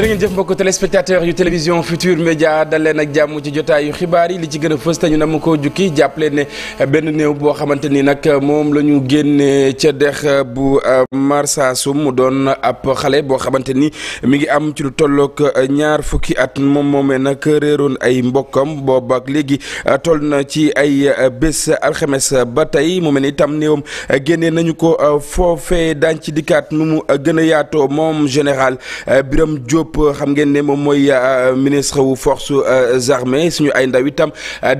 jërë ngeen jëf mbokk téléspectateurs yu télévision Futur Média dal leen ak jàmm ci jotaayu xibaar yi li ci gën a fës te ñu na ma koo jukki jàppale ne benn néew boo xamante ni nag moom la ñu génnee ca dex bu euh, Marsasum mu doon ab xale boo xamante ni mi ngi am ci lu tollook euh, ñaar fukki at moom moomee nag réeroon ay mbokkam boobu léegi euh, toll na ci ay bés alxames ba tey mu mel itam néewam génnee nañu ko foofee daañ ci dikkaat nu mu gën a yaatoo moom général Birame Diop Diop euh, xam ngeen ne moom mooy euh, ministre wu force euh, armée suñu ay ndaw itam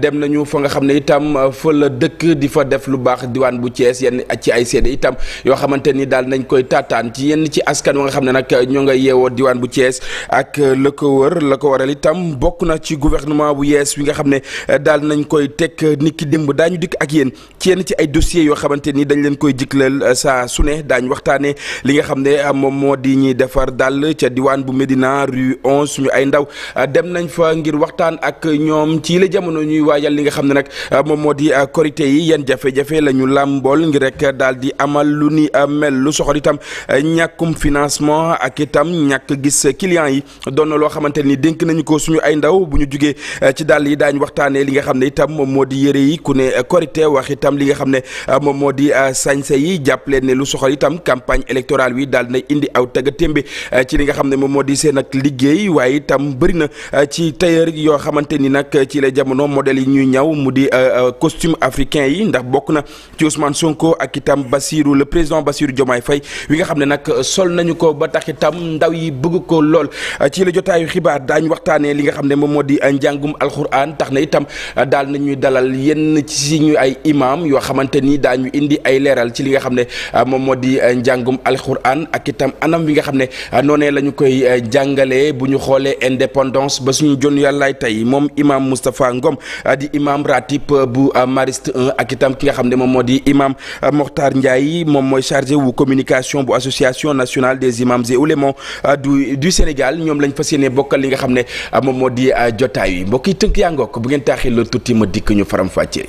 dem nañu fa nga xam ne itam fa la dëkk di fa def lu baax diwaan bu Thiès yenn ci ay seede itam yoo xamante ni daal nañ koy taataan ci yenn ci askan wa nga xam ne nag ñoo nga yeewoo diwaan bu Thiès ak la la ko waral itam bokk na ci gouvernement bu yees wi nga xam ne daal nañ koy teg niki démb daañu dikk ak yéen yenn ci ay dossiers yoo xamante ni dañ leen koy jiklal saa su ne daañu waxtaanee li nga xam ne moom moo di ñuy defar daal ca diwaan bu Medina rue 11 suñu ay ndaw ah, dem nañ fa ngir waxtaan ak ñoom ci la jamono ñuy waajal li nga xam ne nag ah, moom moo di ah, korité yi yan jafe-jafe la ñu làmbool ngir rek daal di amal lu ni mel lu soxal itam ñàkkum financement ak itam ñàkk gis client yi doon na loo xamante ni dénk nañu ko suñu ay ndaw bu ñu jugee ci dàll yi daañ waxtaanee li nga xam ne itam moom moo di yëre yi ku ne korité wax itam li nga xam ne moom moo di sañse yi jàpp ne lu soxal itam campagne électorale bi daal na indi aw tagga témbe ci li nga xam ne moom moo di seen ak liggéey waaye itam bëri na euh, ci tailleur yoo xamante ni nag ci la jamono modèle yi ñuy ñaw mu di euh, euh, costume africain yi ndax bokk na ci Ousmane Sonko ak itam Bassirou le président Bassirou Diomaye Faye wi nga xam ne nag sol nañu ko ba tax itam ndaw yi bëgg ko lool ci la jotaayu xibaar daañu waxtaanee li nga xam ne moom moo di njàngum alxuraan tax na itam daal nañuy dalal yenn ci ñu ay imam yoo xamante ni daañu indi ay leeral ci li nga xam ne moom moo di njàngum alxuraan ak itam anam wi nga xam ne noonee lañu koy jàngale bu ñu xoolee indépendance ba suñu jon yàllaay tey moom imam Moustapha Ngom ah, di imam ratib ah, bu ah, Mariste ak itam ki nga xam ne moom moo di imam Mokhtar Ndiaye moom mooy chargé wu communication bu association nationale des imams et oulémas du du Sénégal ñoom lañ fa yéene bokkal li nga xam ne moom moo di jotaay yi mbokk yi tënk yaa ngook bu ngeen taaxee la tuuti ma dikk ñu faram fàccee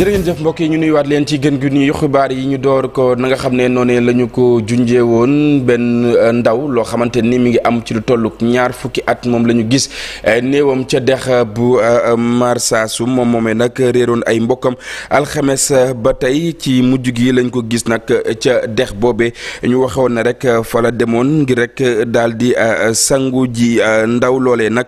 jërë ngeen jëf mbokk yi ñu nuyuwaat leen ci gën gi nuyu xibaar yi ñu door ko nanga xam ne noonee la ñu ko junje woon benn euh, ndaw loo xamante ni mi ngi am ci lu tollu ñaar fukki at moom la ñu gis euh, néewam ca dex bu euh, marsaasu moom moomee nag réeroon ay mbokkam alxames ba tey ci mujj gi lañ ko gis nag ca dex boobee ñu waxoon na rek fa demoon ngir rek daal di sangu ji ndaw loole nag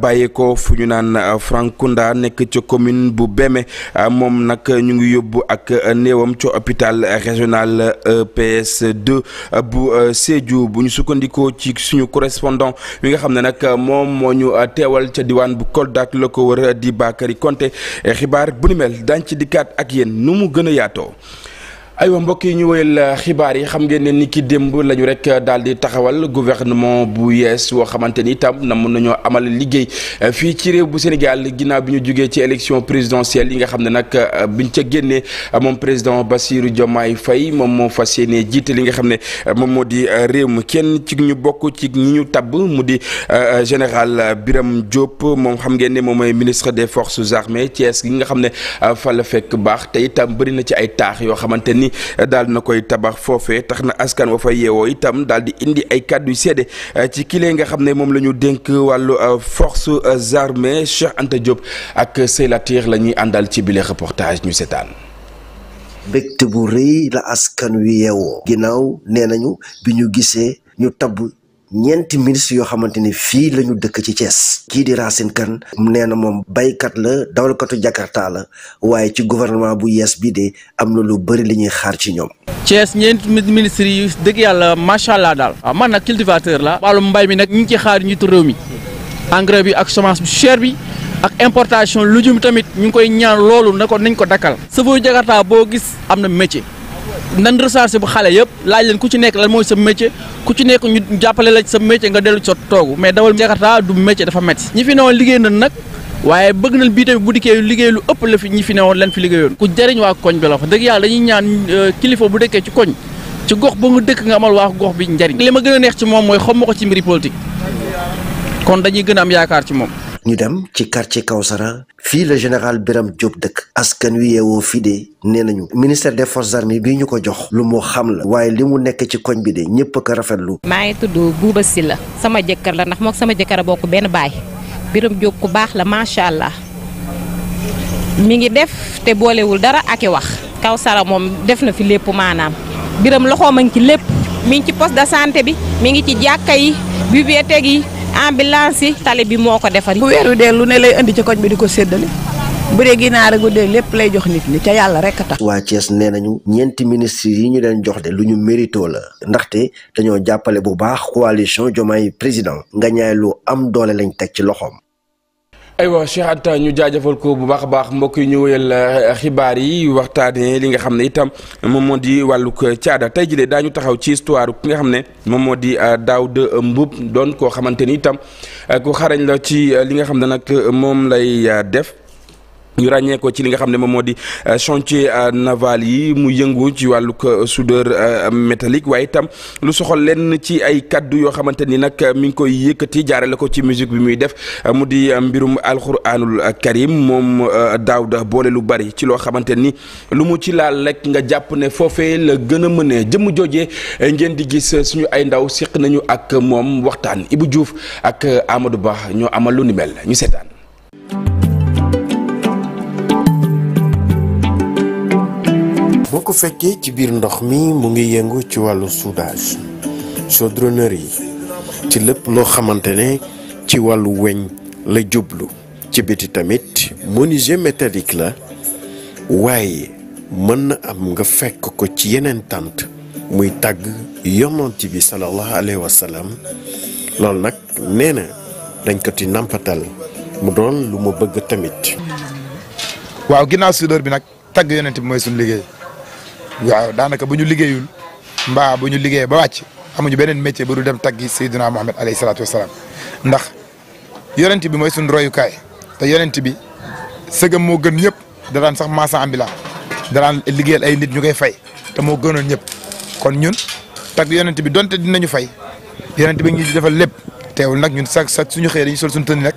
bàyyeeko fu ñu naan Frankunda nekk ca commune bu Beme moom. moom nag ñu ngi yóbbu ak euh, néewam ci hôpital régional euh, PS2 euh, bu Sédhiou bu ñu sukkandikoo ci suñu correspondant wi nga xam ne nag moom moo ñu teewal ca diwaan bu Kolda ak la ko wër di Bakary Konté xibaar bu ni mel daañu ci dikkaat ak yéen nu mu gën a yaatoo. aywa mbokk yi ñu woyal euh, xibaar yi xam ngeen ne ni ki démb la ñu rek euh, daal di taxawal gouvernement bu yees woo xamante ni itam namoon nañoo amal liggéey euh, fii ci réew bu Sénégal ginaaw bi ñu jugee ci élection présidentielle yi nga xam ne nag biñ ca génnee moom président Bassirou Diomaye fay moom moo fas yéene jiite li nga xam ne moom moo di réew mi kenn cig ñu bokk ci ñi ñu tabb mu di général biram Diop moom xam ngeen ne moom mooy ministre des forces armées Thiès gi nga xam ne fa fekk baax te itam na ci ay taax yoo xamante ni di na koy tabax foofee tax na askan wa fa yeewoo itam daal di indi ay kàddu yu seede eh, ci kile nga xam ne moom la ñu dénk wàllu eh, forces armées Cheikh Anta Diop ak Seylatir la ñuy àndal ci bile reportage ñu seetaan. mbégte bu rëy la askan wi yeewoo. ginnaaw nee nañu bi ñu gisee ñu tabb. ñeenti ministre yoo xamante ni fii la ñu dëkk ci cees kii di Racine Kane nee na moom baykat la dawalkatu Jakarta la waaye ci gouvernement bu yees bii de am na lu bëri li ñuy xaar ci ñoom. Thiès ñeenti ministre yi dëgg yàlla macha allah daal. waaw ah, man na cultivateur la. wàllum mbay mi nag ñu ngi ci xaar njiitu réew mi engrais bi ak semence bu cher bi. ak importation lujum tamit ñu ngi koy ñaan loolu na ko nañ ko dakkal. sëfooru Jakarta boo gis am na métier. nan recensé bu xale yëpp laaj leen ku ci nekk lan mooy sa métier ku ci nekk ñu jàppale la sa métier nga dellu sa toog mais dawal Jakarta du métier dafa métti ñi fi newoon liggéey nañ nag waaye bëgg nañ bii tamit bu dikkee liggéey lu ëpp la fi ñi fi newoon lan fi liggéeyoon ku jëriñ waa koñ bi la wax dëgg yàlla dañuy ñaan euh, kilifa bu dekkee ci koñ ci gox ba nga dëkk nga amal waa gox bi njariñ li ma gën a neex ci moom mooy xam ko ci mbiri politique kon dañuy gën a am yaakaar ci moom ñu dem ci quartier Kawsara fii la général Birame Diop dëkk askan wi yeewoo fii de nee nañu ministère des forces armées bii ñu ko jox lu moo xam la waaye li mu nekk ci koñ bi de ñëpp a ko rafetlu. maa ngi tudd Bouba la sama jëkkër la ndax mook sama jëkkër a bokk benn baay biram jóg ku baax la macha allah mu ngi def te boolewul dara ak i wax Kawsara moom def na fi lépp maanaam Birame loxoom a ngi ci lépp mi ngi ci poste de santé bi mi ngi ci jàkka yi bibliothèque ambulance yi tali bi moo ko defar. bu weeru dee lu ne lay indi ci koñ bi di ko séddale. bu dee ginaar gu dee lépp lay jox nit ñi ca yàlla rek a tax. waa cees nee nañu ñeenti ministre yi ñu leen jox de lu ñu mérito la ndaxte dañoo jàppale bu baax coalition Diomaye président nga ñaay lu am doole lañu teg ci loxoom. aywa Cheikh Anta ñu jaajëfal ko bu baax a baax mbokk yi ñu wëyal eh, xibaar yi waxtaanee li nga xam ne itam moom moo di wàllug caada tey jii de taxaw ci histoire ki nga xam ne moom moo di eh, Daawda Mbuub doon koo xamante ni itam eh, ku xarañ la ci li nga xam ne nag moom lay def. ñu ràññeekoo ci li nga xam ne moom moo di euh, chantier euh, naval yi mu yëngu ci wàllu euh, soudeur métallique waaye itam lu soxal leen ci ay kàddu yoo xamante ni nag mi ngi koy yëkkati jaarale ko ci musique bi muy def mu di mbirum alquranul karim moom Daouda boole lu bari ci loo xamante ni lu mu ci laal rek nga jàpp ne foofee la gën a mënee jëmm joojee ngeen di gis suñu ay ndaw siq nañu ak moom waxtaan Ibou Diouf ak Amadou Ba ñoo amal lu ni mel ñu seetaan. ko fekkee ci biir ndox mi mu ngi yëngu ci wàllu soudage chaudronnerie yi ci lépp loo xamante ne ci wàllu weñ la jublu ci biti tamit menuisier métallique la waaye mën na am nga fekk ko ci yeneen tànt muy tàgg yonent bi sallallahu alayhi wa sallam loolu nag nee na dañ ko ci nampatal mu doon lu ma bëgg tamit. waaw ginnaaw soudeur bi nag tàgg yonent bi mooy suñu liggéey. waaw daanaka bu ñu liggéeyul mbaa bu ñu liggéeyee ba wàcc amuñu beneen métier bu dul dem taggi Seydina Muhammad alay salaatu wasalaam ndax yonent bi mooy suñu royukaay te yonent bi sëgam moo gën ñëpp da daan sax marchand ambulant da daan liggéeyal ay nit ñu koy fay te moo gënoon ñëpp kon ñun tagg yonent bi donte dinañu fay yonent bi ñu defal lépp teewul nag ñun sax sax suñu xëy ñu sol suñu tënni nag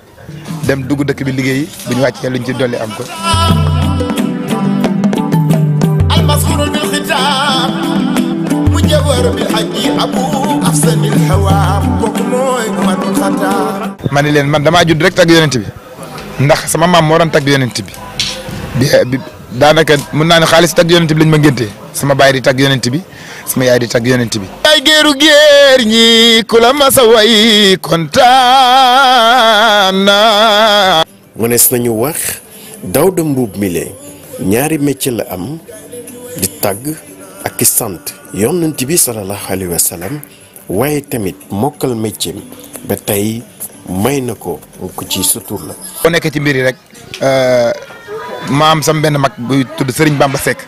dem dugg dëkk bi liggéeyi bu ñu wàccee ñu ci dolli am ko ma ni leen man damaa judd rek tagg yonent bi ndax sama maam moo doon tagg yonent bi daanaka mun naa ne xaalis tagg yonent bi ma ngéntee sama baay di tagg yonent bi sama yaay di tagg yonent bi. ay géeru géer ñi ku la masa way kontaan naa. mënees nañu wax Daouda Mboup mi le ñaari métier la am di tagg. ak ki sant yonent bi sallallahu alayhi wa sallam waaye tamit mokkal métier ba tey may na ko ko ci sutur la. boo nekkee ci mbir yi rek euh, ma am sam mbenn mag buy tudd Serigne Bamba sekk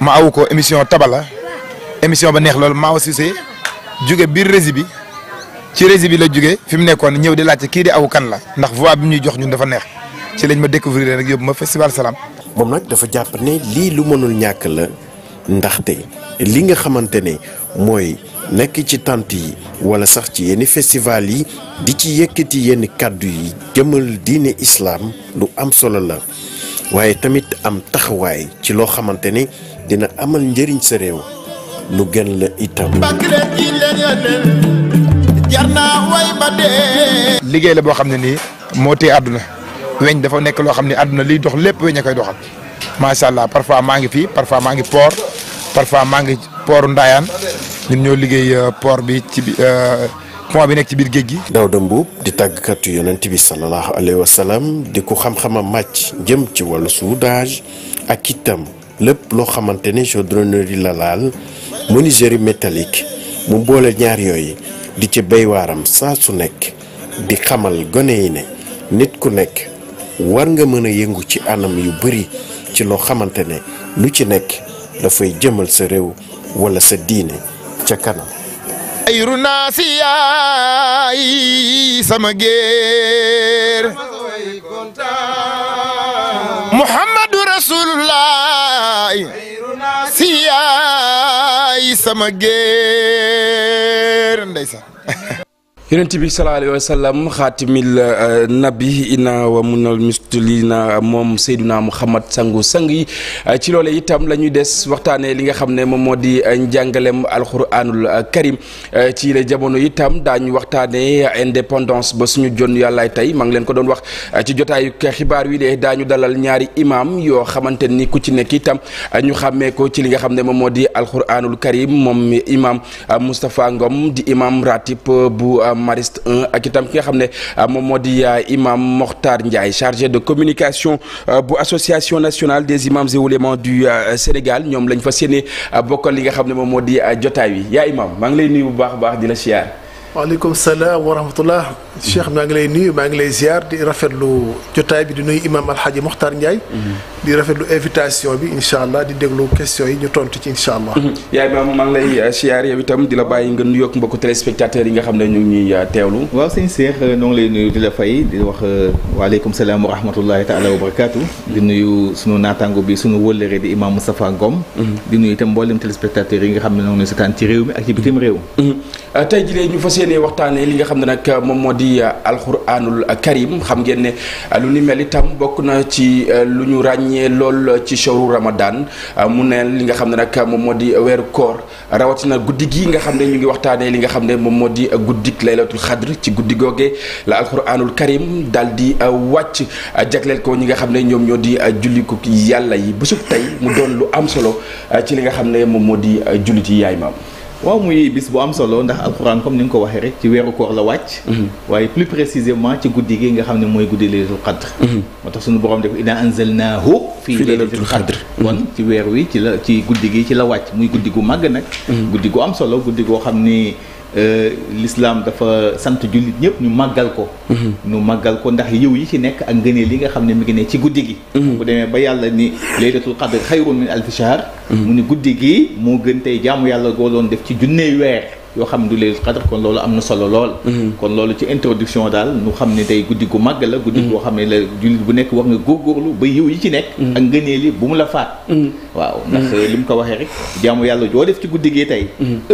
ma aw ko émission tabala émission ba neex loolu ma aw Cissé jóge biir rési bi ci rési bi la jóge fi mu nekkoon ñëw di laajte kii di aw kan la ndax voix bi ñuy jox ñun dafa neex ci lañ ma découvrir rek yóbbu ma festival Salam. moom nag dafa jàpp ne lii lu mënul ñàkk la. ndaxte li nga xamante ne mooy nekk ci tànt yi wala sax ci yenn festival yi di ci yëkkati yenn kàddu yi jëmal diine islaam lu am solo la waaye tamit am taxawaay ci loo xamante ne dina amal njëriñ sa réew lu gën la itam liggéey la boo xam ne nii moo tee àdduna weñ dafa nekk loo xam ne àdduna liy dox lépp weñ a koy doxal macha allah parfois maa ngi fii parfois maa ngi port parfois maa ngi pooru Ndayane ñun ñoo liggéey euh, port bi ci bi euh, pont bi nekk ci biir géej gi. daw Mboup di tàggkatu yonent bi sallallahu alayhi wa salaam di ko xam-xamam màcc jëm ci wàllu soudage ak itam lépp loo xamante ne chaudronnerie la laal menuiserie métallique mu boole ñaar yooyu di ci béy waaram saa su nekk di xamal gone ne nit ku nekk war nga mën a yëngu ci anam yu bari ci loo xamante ne lu ci nekk. dafay jëmal sa réew wala sa diine ca kanam ayru naasi yaay sama géer ay rasulullah si yaay sama géer ndeysaan yonent bi sallallahu alayhi wa sallam xaatimil uh, nabi ina wa munal mustulina moom Seydina Muhammad sangu sang yi uh, ci loole itam la ñuy des waxtaanee li nga xam ne moom moo di uh, njàngaleem alquranul karim ci la jamono itam daañu waxtaanee indépendance ba suñu jon yàllaay tey maa ngi leen ko doon wax ci jotaayu xibaar wii de daañu dalal ñaari imaam yoo xamante ni ku ci nekk itam ñu xàmmee ko ci li nga xam ne moom moo di alquranul karim moom imam Moustapha Ngom di imam ratib Mariste 1 ak itam ki nga xam ne ah, moom moo di ah, imam Mokhtar Ndiaye chargé de communication ah, bu association nationale des imams et oulémas du Sénégal ñoom lañ fa séenee bokkal li nga xam ne moom moo di jotaay wi yaa imam maa ngi lay nuyu bu baax a baax di la siyaar. waaleykum salaam wa rahmatullah Cheikh maa ngi lay nuyu maa ngi lay ziar di rafetlu jotaay bi di nuy imam Alhaji Mokhtar Ndiaye. Mm-hmm. di rafetlu invitation bi incha allah di déglu question yi ñu tontu ci incha allah. Mhm. yaay maam maa lay euh, siyaar yow itam di la bàyyi nga nuyoog mbokku téléspectateurs yi nga xam ne ñu ngi ñuy euh, teewlu. Euh, la fay di wax wa rahmatullahi taala wa barakaatu. di mhm. yi nga xam ne ñoo ngi lay seetaan ci réew mi ak ci bitim réew. Mhm. tey jii ñu fas yéene waxtaanee li nga xam ne nag moom moo di alxuraanul karim xam ngeen ne lu ni mel itam bokk na ci lu ñu ràññee ràññee lool ci showru Ramadan euh, mu ne li nga xam ne nag moom moo di weeru koor rawatina guddi gi nga xam ne ñu ngi waxtaanee li nga xam ne moom moo di guddi laylatul xadr ci guddi googe la alquranul karim daal di euh, wàcc euh, jagleel ko ñi nga xam ne ñoom ñoo di julliku yàlla yi bésub tey mu doon lu am solo ci li nga xam ne moom moo di jullit yi yaay maam waaw muy bis bu am solo ndax alxuraan comme ni nga ko waxee rek ci weeru koor la wàcc mhm. waaye plus précisément ci guddi gi nga xam ne mooy guddi laylatul qadr mhm. moo tax suñu borom def ina anzalnaahu fii laylatul qadr kon ci weer wi ci la ci guddi gi ci la wàcc muy guddi gu màgg nag mhm. guddi gu am solo guddi goo xam ni Euh, lislaam dafa sant jullit ñëpp ñu màggal ko mhm. ñu màggal ko ndax yiw yi ci nekk ak ngëneel li nga xam ne mi ngi ne ci guddi gi mhm. bu demee ba yàlla ni laylatul qadr xayrun min alfi mhm. mu ni guddi gii moo gën tey jaamu yàlla goo doon def ci junney weer yoo xam du laylatul qadr kon loolu am na solo lool mm-hmm. kon loolu ci introduction daal nu xam ne tey guddi gu màgg la guddi mm-hmm. goo xam ne la jullit bu nekk war nga góorgóorlu ba yiw yi ci nekk mm-hmm. ak ngëneel yi bu mu la faat waaw ndax li mu ko waxee rek jaamu yàlla joo def ci guddi gee tey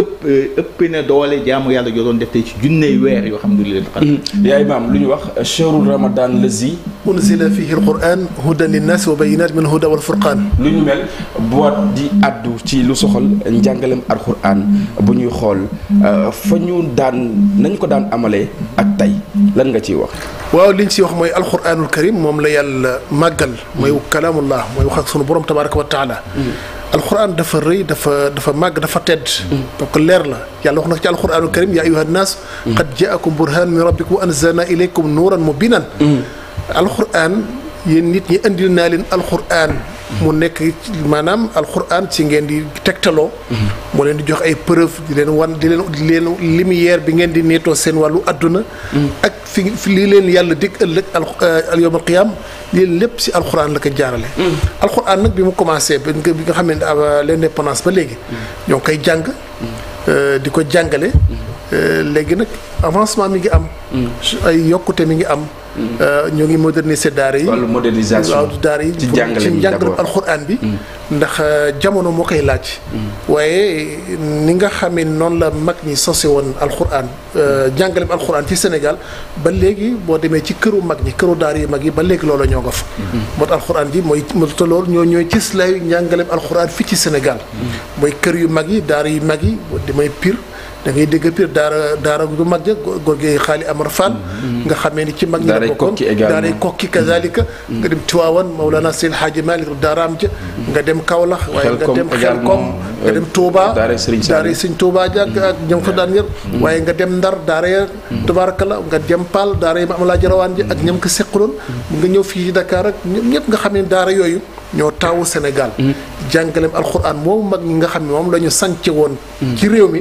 ëpp eh, ëpp na doole jaamu yàlla joo def tey ci junney weer yoo xam du laylatul qadr yaa imaam lu ñu wax shahrul ramadan lazi unzila fihi alquran hudan linnaas wa bayinat min huda wal furqaan lu ñu mel boot di addu ci lu soxal njàngalem alquran bu ñuy xool Euh, fa ñu daan nañ ko daan amalee ak tey lan nga ciy wax waaw liñ ci wax mooy alquranul karim moom la yàlla màggal mooy kalaamullah mooy wax ak sunu borom tabaraka wa taala mm-hmm. alquran dafa rëy dafa dafa màgg dafa tedd donc mm-hmm. leer la yàlla wax na ci alquranul karim ya ayyuhan nas mm-hmm. qad jaakum burhan min rabbikum wa anzalna ilaykum nuuran mubinan alquran yéen nit ñi indi naa leen alquran mu nekk maanaam alxuraan ci ngeen di tegtaloo. moo mhm. leen di jox ay preuve di leen wan di leen di leen lumière bi ngeen di neetoo seen wàllu àdduna mhm. ak fi lii leen yàlla dikk ëllëg al yawmal qiyaam lii lépp si alxuraan la ko jaarale. Mhm. alxuraan nag bi mu commencé bi nga xam ne l'indépendance ba léegi. ñoo koy jàng. Euh, di ko jàngale. Euh, léegi nag avancement mi ngi am. Mm. ay yokkute mi ngi am. Mm. Euh, ñoo ngi moderniser daara yi. wàllu modernisation waaw daara yi. ci jàngale bi d'abord alxuraan bi. Mm. ndax euh, jamono moo kay laaj. waaye ni nga xamee noonu la mag ñi sose woon alxuraan jàngale bi alxuraan ci Sénégal ba léegi boo demee ci këru mag ñi këru daar yu mag yi ba léegi loola ñoo nga fa. moo tax alxuraan bi mooy moo tax loolu ñoo ñooy gis lay njàngale bi alxuraan fii ci Sénégal. mooy kër yu mag yi daara yu mag yi demee Pire. dangay ngay dégg pire daara daara gu mag ja góor gi xaali Amar Fall mm-hmm. nga xamee ni ci mag ñi la bokkoon daaray kokki kazalika mm-hmm. nga dem Tiwaawan Mawlana Seydi Hadji Malick daaraam ja mm-hmm. nga dem Kaolack waaye nga dem Xelkom nga euh, dem Touba daaray Sëñ Touba ja ak ñoom fa daan yër waaye nga dem Ndar daara ya tabaarakalla nga dem Paal daara yi ma am laa jarawaan ja ak ñam ko seqaloon nga ñëw fii ci Dakar ñëpp nga xam ne daara yooyu ñoo taawu Sénégal jàngaleem alxuraan moom mag ñi nga xam ne moom lañu ñu woon ci réew mi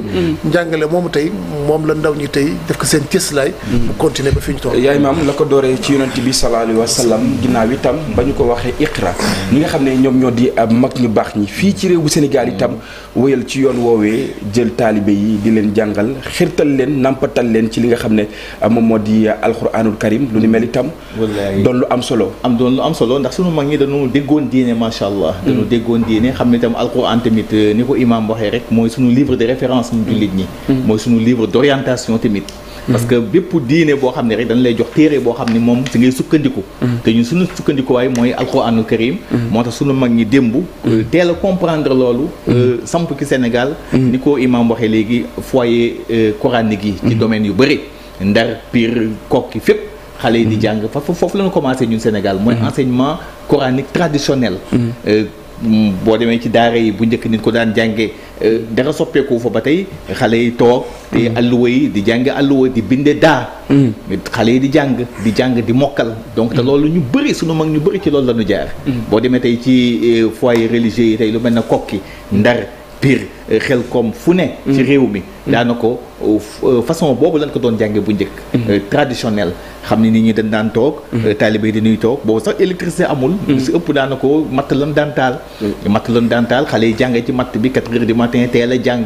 jàngale moomu tey moom la ndaw ñi tey def ko seen cëslaay mm-hmm. mu continuer ba fi ñu toll yaay maam la ko dooree ci yonent bi sallallahu alayhi wa sallam ginnaaw itam ba ñu ko waxee iqra ñi nga xam ne ñoom ñoo di mag ñu baax ñi fii ci réew bu Sénégal itam wëyal ci yoon woowee jël taalibe yi di leen jàngal xirtal leen nampatal leen ci li nga xam ne ah, moom moo di alxuraanul karim lu ni mel itam doon lu am solo am doon lu am solo ndax sunu mag ñi dañu déggoon diine macha allah mm. dañu déggoon diine xam ne itam alxuraan tamit eh, ni ko waxee rek mooy sunu livre de référence ñu jullit ñi Mm-hmm. mooy suñu livre d'orientation tamit mm-hmm. parce que bépp diine boo xam ne rek dañ lay jox téere boo xam ni moom si ngay sukkandiku mm-hmm. te ñun suñu sukkandikuwaay mooy alxuraanul karim moo tax suñu mag ñi démb euh, teel a comprendre loolu euh, samp ki Sénégal ni ko imam waxee léegi foyer euh, coranique yi ci domaine yu bëri ndar Pire Kokki fépp xale yi di jàng fa foofu la ñu commencé ñun Sénégal mooy enseignement coranique traditionnel boo demee ci daara yi bu njëkk nit ko daan jàngee euh, dara soppeeku fa ba tey xale yi toog te alluwa mm-hmm. yi di jàng alluwa di binde daa mm-hmm. xale yi di jàng di jàng di mokkal donc te mm-hmm. loolu ñu bëri sunu mag ñu bëri ci loolu la jaar boo demee tey ci euh, foyer religieux yi tey lu mel ne kokki ndar biir euh, xel koom fu ne ci mm. réew mi mm. daana ko euh, euh, façon boobu lañ ko doon jànge bu njëkk mm. traditionnel xam ne nit ñi dañ daan toog taalibe yi dañuy toog boobu sax électricité amul si ëpp daana ko matt lan daan taal matt lan xale yi jàng ci matt bi quatre heures du matin teel a jàng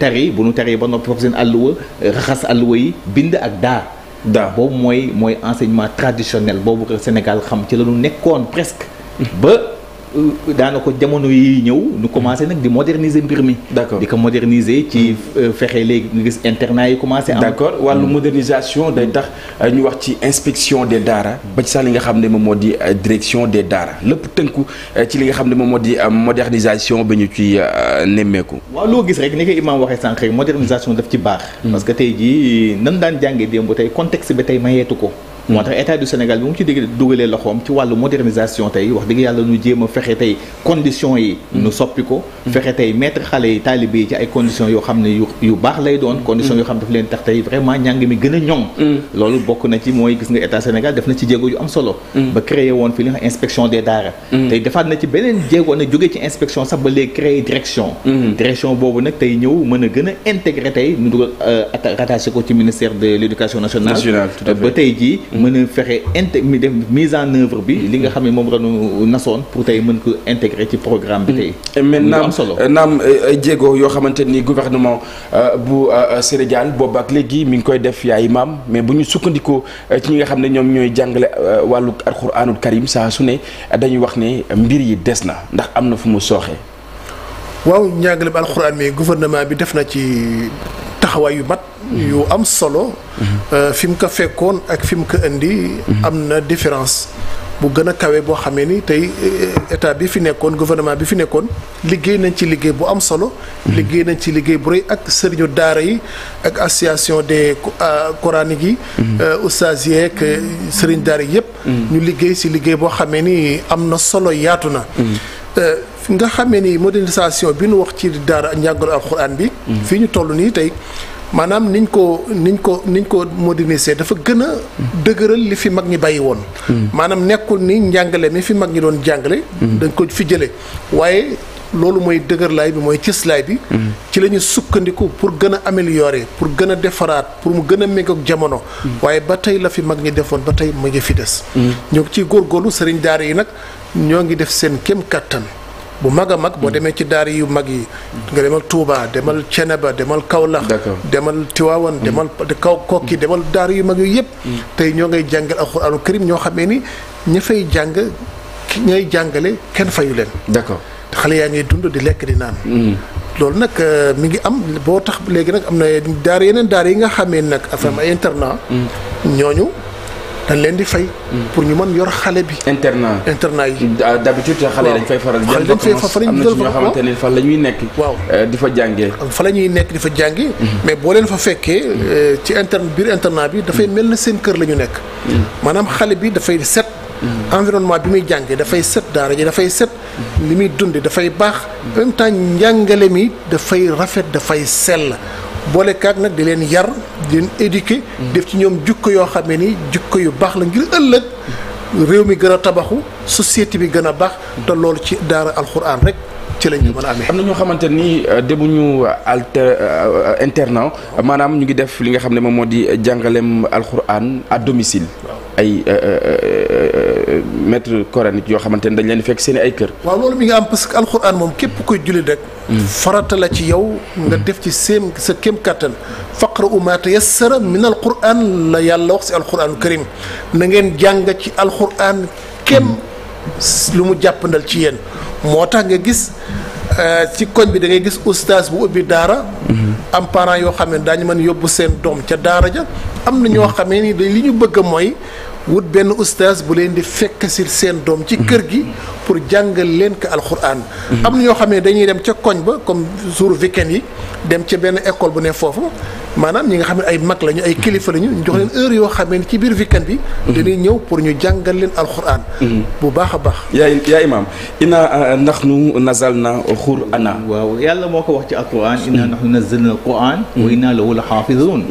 tari bu nu tari ba noppi foofu seen àlluwa raxas àlluwa yi bind ak daar daa boobu mooy mooy enseignement traditionnel boobu Sénégal xam ci la ñu nekkoon presque ba daanako jamono yi ñëw ñu commencé nag di moderniser mbir mi. d'accord di ko moderniser ci mm. euh, fexe léegi nga gis internat yi commencé. am d'accord wàllu mm. modernisation day mm. tax euh, ñu wax ci inspection des daara. ba ci sax li nga xam ne moom moo di euh, direction des daara lépp tënku ci li nga xam ne moom moo di modernisation bi ñu ci nemmeeku. waaw loo gis rek ni ko Imaam waxee sànq rek modernisation daf ci baax. parce que tey jii nan daan jàngee démb tey contexte bi tey mayeetu ko. moo tax état du Sénégal bi mu ci dégg dugalee loxoom ci wàllu modernisation tey wax dëgg yàlla ñu jéem fexe tey conditions yi nu mm. soppi ko mm. fexe tey metre xale yi taalibe yi ci ay conditions yoo xam ne yu yu baax lay doon mm. condition yoo xam ne daf leen tax tey vraiment njàng mi gën a ñoŋ loolu bokk na ci mooy gis nga état Sénégal def na ci jéego yu am solo ba créé woon fi li nga inspection des daara tey defaat na ci beneen jéego nag jógee ci inspection sax ba léegi créé direction direction boobu nag tey ñëw mën a gën a intégré tey ñu dugal euh, rattaché ko ci ministère de l' éducation nationale ba mën a fexe inte mi def mise en œuvre bi li nga xam ne moom ranu nasoon pour tey mën ko intégrer ci programme bi tey mm. mais naam solo naam ay euh, yoo xamante ni gouvernement euh, bu euh, Siré Dia boobu ak léegi mi ngi koy def yaay maam mais bu ñu sukkandikoo ci ñi nga xam ne ñoom ñooy jàngale wàllu alxuraanul karim saa su ne dañuy wax ne mbir yi des na ndax am na fu mu sooxee waaw njàngale bi alxuraan mi gouvernement bi def na ci taxawaay yu mat yu am solo. Euh, fi mu ko fekkoon ak fi mu ko indi. am na différence. bu gën a kawe boo xamee ni tey euh, état bi fi nekkoon gouvernement bi fi nekkoon liggéey nañ ci liggéey bu am solo. liggéey nañ ci liggéey bu rëy ak sëriñu daara yi ak association des euh, coraniques yi. oustaz yeeg sëriñ daara yi yëpp. ñu liggéey si liggéey boo xamee nii am na solo yaatu na. nga xamee ni modernisation bi nu wax ci daara njàngalu alxuraan bi. fii ñu toll nii tey. maanaam niñ ko niñ ko niñ ko moderniser dafa gën a dëgëral li fi mag ñi bàyyi woon maanaam nekkul ni njàngale mi fi mag ñi doon jàngale dañ ko fi jële waaye loolu mooy dëgërlaay bi mooy cëslaay bi ci la ñu sukkandiku pour gën a améliorer pour gën a defaraat pour mu gën a méngoog jamono waaye ba tey la fi mag ñi defoon ba tey mu ngi fi des mm. ñoo ngi ciy góorgóorlu sëriñ daara yi nag ñoo ngi def seen kem kàttan bu mag a mag boo mm. demee ci daara yu mag yi nga demal Touba demal Ceneba demal Kaolack demal Tiwaawan mm. demal kaw kokki mm. demal daar yu mag yooyu yëpp tey ñoo ngay jàngal alxuraanu karim ñoo xamee ni ña fay jàng ki jàngale kenn fayu leen d'accord xale yaa ngi dund di lekk di naan loolu nag euh, mi ngi am boo tax léegi nag am na daar yeneen daara yi nga xamee nag afam ay internat ñooñu dañ leen di fay. Mm. pour ñu man yor xale bi. internat internat yi. Ah, d'habitude xale dañ fay faral. xale dañ fay faral am na ci ñoo xamante fa la ñuy nekk. waaw eh, di fa jàngee. fa la ñuy nekk di fa jàngi. Mm-hmm. mais boo leen fa fekkee eh, ci interne biir internat bi dafay mel na seen kër la ñu nekk. Mm-hmm. maanaam xale bi dafay set. Mm-hmm. environnement bi muy jàngee dafay set daara ji dafay set. li muy dundee dafay baax. en même temps njàngale mi dafay rafet dafay sell. boolekaag nag di leen yar di leen éduquer. Mm-hmm. def ci ñoom jukko yoo xam ne nii jukko yu baax la ngir ëllëg. réew mi gën a tabaxu société bi gën a baax. te loolu ci daara alxuraan rek. ci lañ mën a amee. am na ñoo xamante nii euh, demuñu euh, alter euh, internat maanaam ñu ngi def li nga xam ne moom moo di jàngaleem alxuraan à domicile. ay maître coranique yoo xamante ne dañ leen fekk seen ay kër. waaw loolu mi ngi am parce que alxuraan moom képp koy julli rek. Hmm. farata la ci yow. nga def ci seen sa kéem kattan. faqra'u ma tayassara min alxuraan la yàlla wax si alxuraanu karim na ngeen jàng ci alxuraan kéem. lu mu jàppandal ci yéen moo tax nga gis euh, ci koñ bi da ngay gis ustaas bu ubbi daara. Mm-hmm. am parents yoo xam ne daañu mën yóbbu seen doom ca daara ja am na ñoo mm-hmm. xamee ni li ñu bëgg a mooy. wut benn ustaas bu leen di fekk si seen doom ci kër gi pour jàngal leen ko alxuraan mhm. am na ñoo xam ne dañuy dem ca koñ ba comme jour weekend yi dem ca benn école bu ne foofu maanaam ñi nga xam ne ay mag lañu ay kilifa lañu ñu jox leen mhm. heure yoo xam ne ci biir weekend bi mhm. dañuy ñëw pour ñu jàngal leen alxuraan bu baax a baax yaa yaa imaam inna uh, nahnu nazalna qur'ana waaw yàlla moo ko wax ci alxuraan inna nahnu nazalna qur'an wa inna lahu la xaafizuun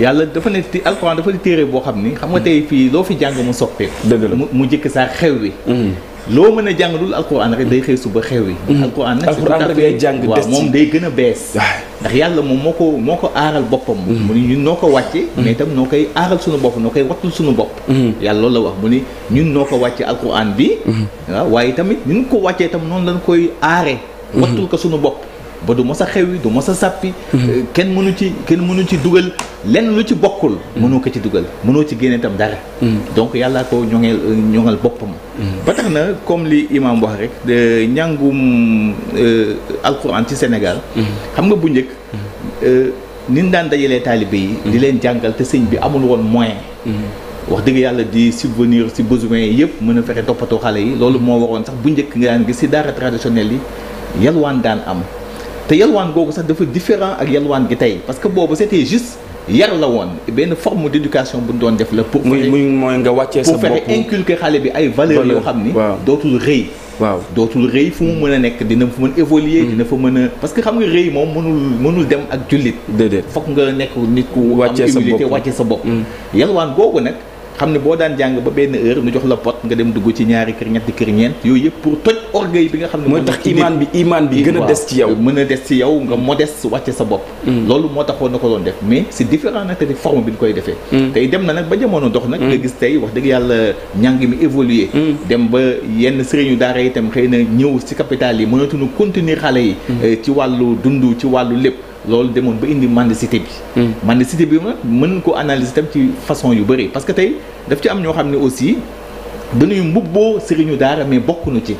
yàlla dafa ne alxuraan dafa di téere boo xam ni xam nga tey fii loo fi jàng mu soppeeku dëgg la mu jëkk saa xew wi mm-hmm. loo mën a jàng dul alxuraan rek day xëy suba xew wi mm-hmm. alxuraan nag alxuraan rek ngay jàng waaw moom day gën a ndax yàlla moom moo ko moo ko aaral boppam mm-hmm. mu ni ñun noo ko wàcce mais noo koy aaral sunu bopp noo koy wattul suñu bopp yàlla loolu la wax mu ni ñun noo ko wàcce alxuraan bi waaw waaye tamit ñun ko wàccee itam noonu lañ koy aare wattul ko suñu bopp ba du mos a xewi du mos a sàppi kenn mënu ci kenn mënu ci dugal lenn lu ci bokkul mënoo ko ci dugal mënoo ci génne itam dara donc yàllaa ko ñoŋeel ñoŋal boppam ba tax na comme li imam wax rek njàngum euh, alquran ci Sénégal xam nga bu njëkk euh, nin daan dajalee taalibe yi di leen jàngal te sëñ bi amul woon moyen wax dëgg yàlla di subvenir si besoin yi yëpp mën a fexe toppatoo xale yi loolu moo waxoon sax bu njëkk nga daan gis si daara traditionnel yi yalwaan daan am te yalwaan googu sax dafa différent ak yalwaan gi tey parce que boobu c'était juste yar la woon benn forme d'éducation bu ñu doon def la. pour muy muy mooy nga wàccee sa bopp pour fexe inculquer xale bi ay valeurs yoo xam ni. dootul rëy. waaw dootul rëy fu mu mën a nekk dina fa mën évoluer mm. dina fa mën a parce que xam nga rëy moom mënul mënul dem ak jullit déedéet foog nga nekk nit ku wàccee sa bopp am humilité wàccee sa bopp mm. yalwaan googu nag xam ne boo daan jàng ba benn heure nu jox la pot nga dem dugg ci ñaari kër ñetti kër ñeent yooyu yëpp pour toj orgueil bi nga xam ne mooy tax imaan bi imaan bi gën a des ci yow mën a des ci yow nga modeste wàcce sa bopp mm. loolu moo taxoon na ko doon def mais c'est différent nag tamit forme bi ñu koy defee mm. tey dem na nag ba jamono dox nag nga mm. gis tey wax dëgg yàlla njàng mi évolué dem ba yenn sëriñu daara itam xëy na ñëw si capital yi mënatuñu continuer xale yi eh, ci wàllu dund ci wàllu lépp loolu demoon ba indi mendicité bi. Hmm. mendicité bi ma mën ko analyser tam ci façon yu bëri parce que tey daf ci am ñoo xam ne aussi dañuy mbubboo sëriñu daara mais bokkuñu ci.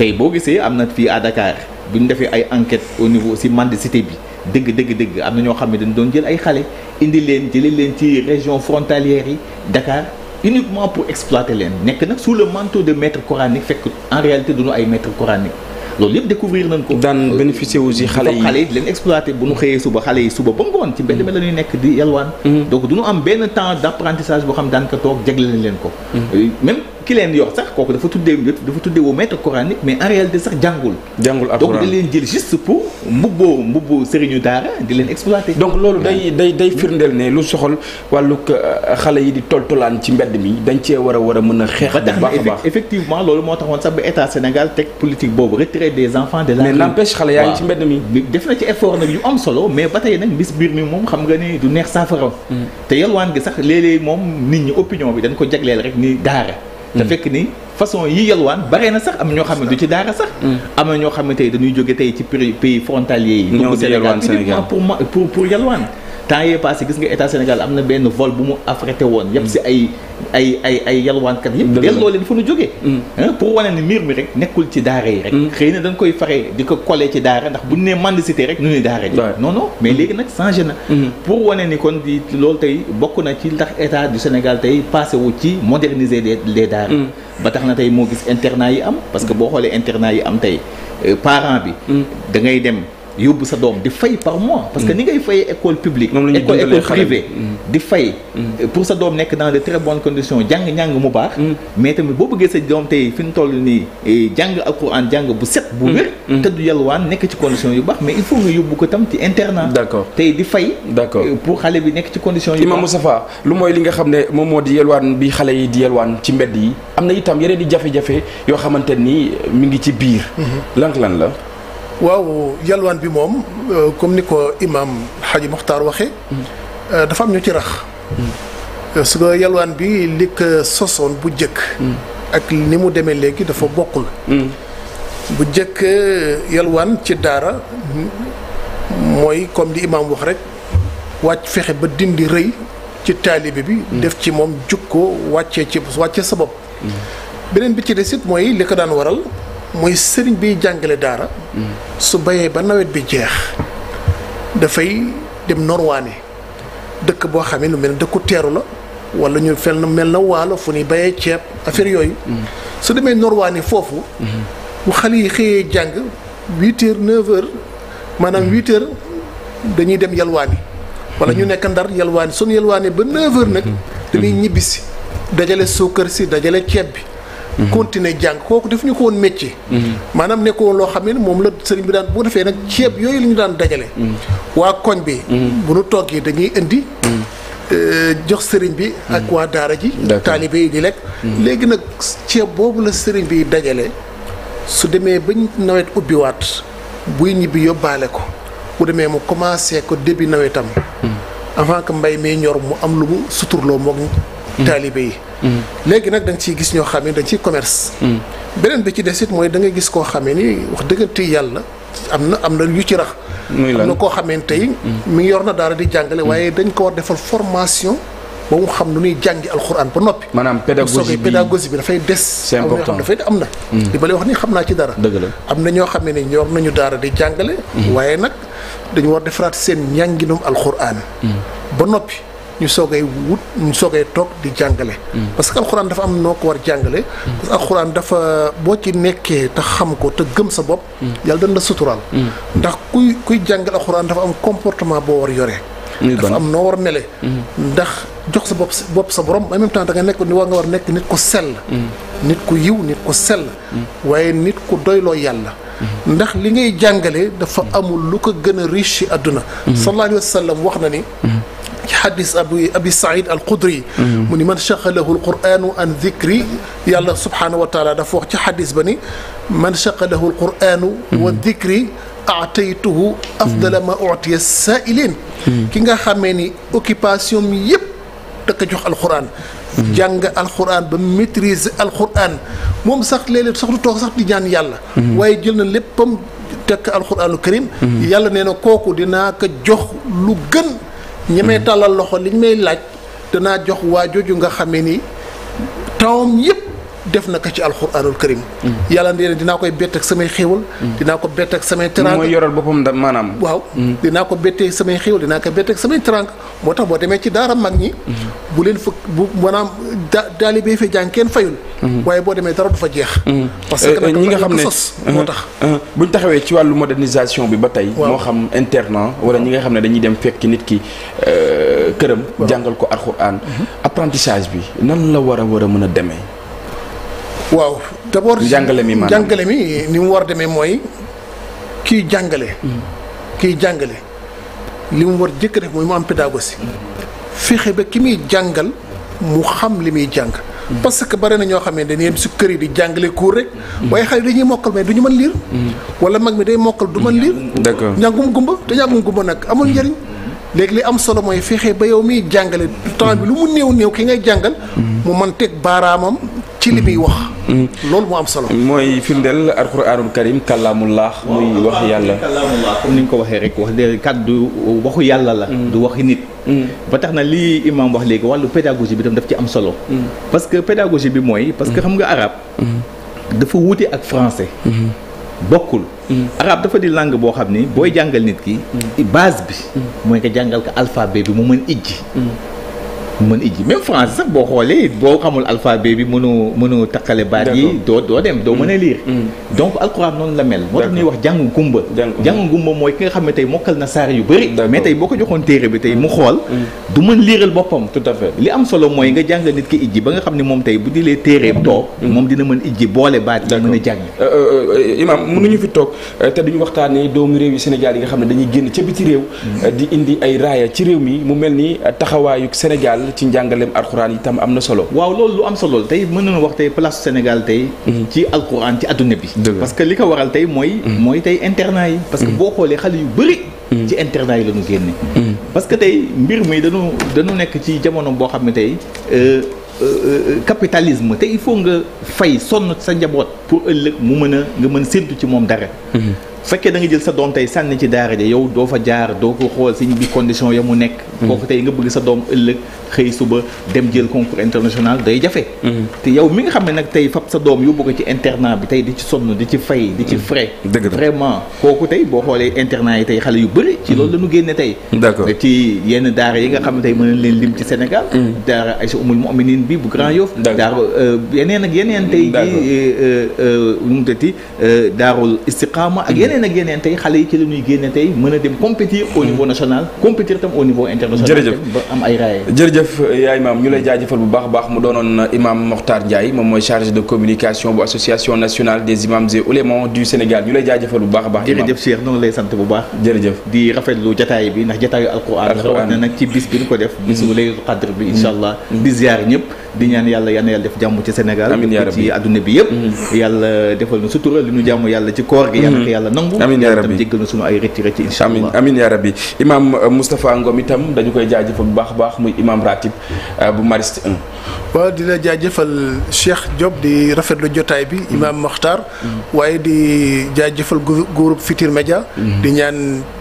tey boo gisee am na fii à Dakar bu ñu defee ay enquête au niveau si mendicité bi dëgg dëgg dëgg am na ñoo xam ne dañ doon jël ay xale indi leen jëlee leen ci région frontalière yi Dakar. uniquement pour exploiter leen nekk nag sous le manteau de maître coranique fekk en réalité duñu ay maître coranique loolu yëpp découvrir nañ ko. daan bénéficier wu si xale yi xale yi leen exploité bu ñu xëyee suba xale yi suba ba ngoon ci mbedd mi la ñuy nekk di yalwaan. Mm-hmm. donc du ñu am benn temps d' apprentissage boo xam daan ko toog jagleel nañ leen ko. Mm-hmm. Euh, même ki leen yor sax kooku dafa tuddee dafa tuddee woo maître coranique mais en réalité sax jàngul. jàngul alxuraan donc da leen jël juste pour mbubboo mbubbu sëriñu daara di leen exploiter. donc loolu day day day firndeel ne lu soxal wàllug euh, xale yi di toltolaan ci mbedd mi dañ cee war a war mën a xeex. bu baax a baax effectivement loolu moo taxoon sax ba état Sénégal teg politique boobu retrait des enfants de la. mais n'empêche xale yaa ci mbedd mi. def na ci effort nag yu am solo mais ba tey nag bis biir mi moom xam nga ni du neex saafara. Mm. te yalwaan gi sax léeg moom nit ñi opinion bi dañ ko jagleel rek ni daara te hmm. fekk ni façon yi yalwaan bare na sax am ñoo xam ne du ci daara sax hmm. am na ñoo xam ne tey dañuy jóge tey ci pays frontalier yi ñëw di yalwaan Sénégal pour pour pour yalwaan temps yee passé gis nga état Sénégal am na benn vol bu mu affrété woon yëpp si ay ay ay ay yalwaankat yëpp delloo leen fu nu jógee mm. pour wane ni miir mi rek nekkul ci daara yi rek mm. xëy na dañ koy faree di ko collé ci daara ndax bu buñ nee mendicité rek nu ni daara ji non mais mm. léegi nag changé na pour wane ni kon di loolu tey bokk na ci ndax état du Sénégal tey passé wu ci moderniser les les daara ba tax na tey moo gis internat yi am parce que boo xoolee internat yi am tey euh, parent bi da ngay dem yóbbu sa doom di fay par mois. parce que mm. ni ngay fayee école publique. école école privée. Mm. di fay. Mm. pour sa doom nekk dans de très bonnes conditions jàng njàng mu baax. mais tamit boo bëggee sa doom tey fi mu toll nii eh, jàng alxuraan jàng bu set. bu wér te du yalwaan nekk ci conditions yu baax mais il faut nga yóbbu ko tam ci internat. d'accord tey di fay. d'accord eh, pour xale bi nekk ci condition yu baax. Imam Moustapha lu mooy li nga xam ne moom moo di yelwaan bi xale yi di yelwaan ci mbedd yi am na yeneen i jafe-jafe yoo xamante ni mi ngi ci biir. Mm-hmm. waaw yalwaan bi moom euh, comme ni ko imaam Xaji Moxtaar waxee. Euh, dafa am ñu ci rax. Euh, su ko yalwaan bi li ko sosoon bu jëkk ak ni mu demee léegi dafa bokkul. bu jëkk yalwaan ci daara mooy comme li imaam wax rek wàcc fexe ba dindi rëy ci taalibe bi. def ci moom jukko wàccee ci wàccee sa bopp. Mm. beneen bi ci des mooy li ko daan waral. mooy sëriñ biy jàngale daara. su bayee ba nawet bi jeex dafay dem norwaane dëkk boo xam ne lu mel dëkku teeru la wala ñu fel na mel na waalo fu ñuy bayee ceeb affaire yooyu. su demee norwaane foofu. bu xale yi xëyee jàng huit heures maanaam huit dañuy dem yalwaani. wala ñu nekk ndar yalwaani sunu yalwaani ba neuf heures nag. dañuy ñibbisi dajale suukar si dajale ceeb bi. Mhm. continuer jàng kooku def ñu ko woon métier. Mhm. maanaam nekk woon loo xam ne moom la sëriñ bi daan boo ko defee nag ceeb yooyu la ñu daan dajale. Mhm. waa koñ bi. bu nu toggee dañuy indi. Euh, jox sëriñ bi. ak waa daara ji. taalibe yi di lekk. léegi nag ceeb boobu la sëriñ bi dajale su demee bañ nawet ubbiwaat buy ñibbi yóbbaale ko bu demee mu commencé ko début nawetam. avant que mbay mi ñor mu am lu mu suturloo moog. taalibe yi. léegi nag da nga ciy gis ñoo xam ne dañ ciy commerce. beneen bi ci des it mooy da ngay gis koo xamee ni wax dëggante yàlla am na am na yu ci rax. am na koo xamee tey. mi ngi yor na daara di jàngale waaye dañ ko war formation. ba mu xam lu ñuy jàngi alxuraan ba noppi. maanaam pédagogie bi pédagogie bi dafay des. c'est important dafay am na. Mm. li ba wax ni xam naa ci dara. dëgg la am na ñoo xam ne ñor nañu daara di jàngale. Mm. waaye nag dañu war defaraat seen njànginum alxuraan. Mm. ba noppi. ñu soogay wut ñu soogay toog di jàngale. Mm. parce que alxuraan dafa am noo ko war jàngale. Mm. parce que alxuraan dafa boo ci nekkee te xam ko te gëm sa bopp. Mm. yàlla dana la suturaal. ndax kuy kuy jàngal alxuraan dafa am comportement boo war yore. dafa am noo war nele ndax jox sa bopp sa bopp sa borom en même temps nga nekk ni war nga war nekk nit ko sell. nit ku yiw nit ko sell. waaye nit ku doyloo yàlla. ndax li ngay jàngale dafa amul lu ko gën a riche ci àdduna. sallallahu alayhi wa sallam wax ni. ci xadis abi abi saïd al qudri mu ni man chaqalahu al quranu an dicri yàlla subhaanahu wa taala dafa wax ci xadis ba ni man chaqalahu al quranu wa dicri aataytuhu afdala ma utiya saailin ki nga xamee ni occupation mi yëpp da ko jox alquran jàng alquran ba maîtriser alquran moom sax léeg-léeg sax du toog sax di ñaan yàlla waaye jël na léppam tekk alquranu karim yàlla nee na kooku dinaa ko jox lu gën ñi may tàllal loxo liñ may laaj danaa jox waa jooju nga xamee ni tawam yëpp def na ko ci alxuraanul karim yàlla nee na dinaa koy bett ak samay xéewal dinaa ko bett ak samay teraanga yoral boppam da maanaam waaw mm-hmm. dinaa ko bettee samay xéewal dinaa ko bett ak samay moo tax boo demee ci daara mag ñi mm-hmm. bu leen fa bu maanaam da daalibe fi jàng kenn fayul mm-hmm. waaye boo demee dara du fa jeex parce que eh, eh, ñi nga xam ne sos moo uh-huh. tax uh-huh. bu taxawee ci wàllu modernisation bi ba tey moo xam internant wala ñi nga xam ne dañuy dem fekk nit ki uh, këram jàngal ko alxuraan apprentissage bi nan la war a war a mën a demee waaw d'abord jàngale mi maanaam jàngale mi ni mu war a demee mooy kiy jàngale. Hmm. kiy jàngale li mu war jëkk def mooy mu am si féexee ba ki muy jàngal mu xam li muy jàng. Hmm. parce que bari na ñoo xam ne dañuy si kër yi di jàngale cours rek. Hmm. waaye xale dañuy mokkal mais du ñu mën liir. wala mag mi day mokkal du man liir. d'accord njàngum gumba te njàngum gumba nag amul njëriñ. léegi li am solo mooy féexee ba yow miy jàngale temps bi lu mu néew néew ki ngay jàngal. mu mën teg baaraamam. ci li muy wax. Mm-hmm. loolu moo am solo. mooy firndeel alxuraanul karim kàllaamullah muy wax yàlla comme ni ñu ko waxee rek wax de kàddu waxu yàlla la. Mm-hmm. du waxi nit. Mm-hmm. ba tax na lii imam wax léegi wàllu pédagogie bi tam daf ci am solo. parce que pédagogie bi mooy. parce que xam nga arab. dafa wuute ak français. bokkul. arab dafa di langue boo xam ni booy jàngal nit ki. base bi. mooy nga jàngal ko alphabet bi mu mën ijji. mën iji même français sax boo xoolee boo xamul alphabet bi mënu mënu takkale baat yi doo doo dem doo mën a mm. lire mm. donc alxuraan noonu la mel moo tax nuy wax jàngu gumba jàngu gumba mooy ki nga xam ne tey mokkal na saar yu bëri mais tey boo ko joxoon téere bi tey mu xool mm. du mën liiral boppam tout à li am solo mooy nga jàngal nit ki ijji ba nga xam ne moom tey bu dilee téere toog moom dina mën ijji boole baat yi mën a jàng euh, euh, euh, imaam mënuñu fi toog te duñu waxtaanee doomu réew yi Sénégal yi nga xam ne dañuy génn ca biti réew di indi ay raaya ci réew mi mu mel ni taxawaayu Sénégal jàll ci njàngaleem alxuraan tam am na solo. waaw loolu lu am solo tey mën nañu wax tey place Sénégal tey. Mhm. ci alxuraan ci adduna bi. parce que li ko waral tey mooy. Mhm. mooy tey internat yi. parce que mhm. boo xoolee xale yu bëri. ci internat yi la ñu génne. parce que tey mbir mii dañu dañu nekk ci jamono boo xam ne tey. Euh, euh, euh, capitalisme te il faut nga fay sonn sa njaboot pour ëllëg mu mën a nga mën séntu ci moom dara. fekkee da jël sa doom tey sànni ci daara ja yow doo fa jaar doo ko xool si bi condition ya mu nekk mm-hmm. kooku tey nga bëgg sa doom ëllëg xëy suba dem jël concours international day jafe mm-hmm. te yow mi nga xam ne nag tey fab sa doom yóbbu ko ci internat bi tey di ci sonn di ci fay di ci mm-hmm. frais vraiment kooku tey boo xoolee internat yi tey xale yu bëri ci loolu génne tey d'accord ci yenn daara yi nga xam ne tey mën leen lim ci Sénégal daara Aïcha Oumoul Mouminine bi bu Grand Yoff daara euh, yeneen ak yeneen tey ji euh, euh, nu mu tëddi daarul istiqaama ak yeneen yeneen ak hmm. bu baax baax mu doonoon imam Mokhtar Ndiaye moom mooy chargé de communication bu association nationale des imams et du Sénégal ñu lay jaajëfal bu baax a baax jërëjëf Cheikh noonu lay sant bu baax jërëjëf di rafetlu jataay bi ndax jataayu alquran rawat na nag ci bis bi ñu ko def bisu hmm. laylatul qadr bi insha allah hmm. di ziar di ñaan yàlla yàlla def jàmm ci Sénégal ci àdduna bi yàlla defal na sutura li ñu jàmm yàlla ci koor gi yàlla nangu amiin yaa rabbi jéggal na sunu ay rëcc rëcc incha allah amiin amiin yaa rabbi imam euh, Moustapha Ngom itam dañu koy jaajëfal bu baax a baax muy imam ratib euh, bu Mariste 1 waaw di la jëfal Cheikh Diop di rafetlu jotaay bi imam Mokhtar mm. waaye di jaajëfal groupe Futurs Médias mm. di ñaan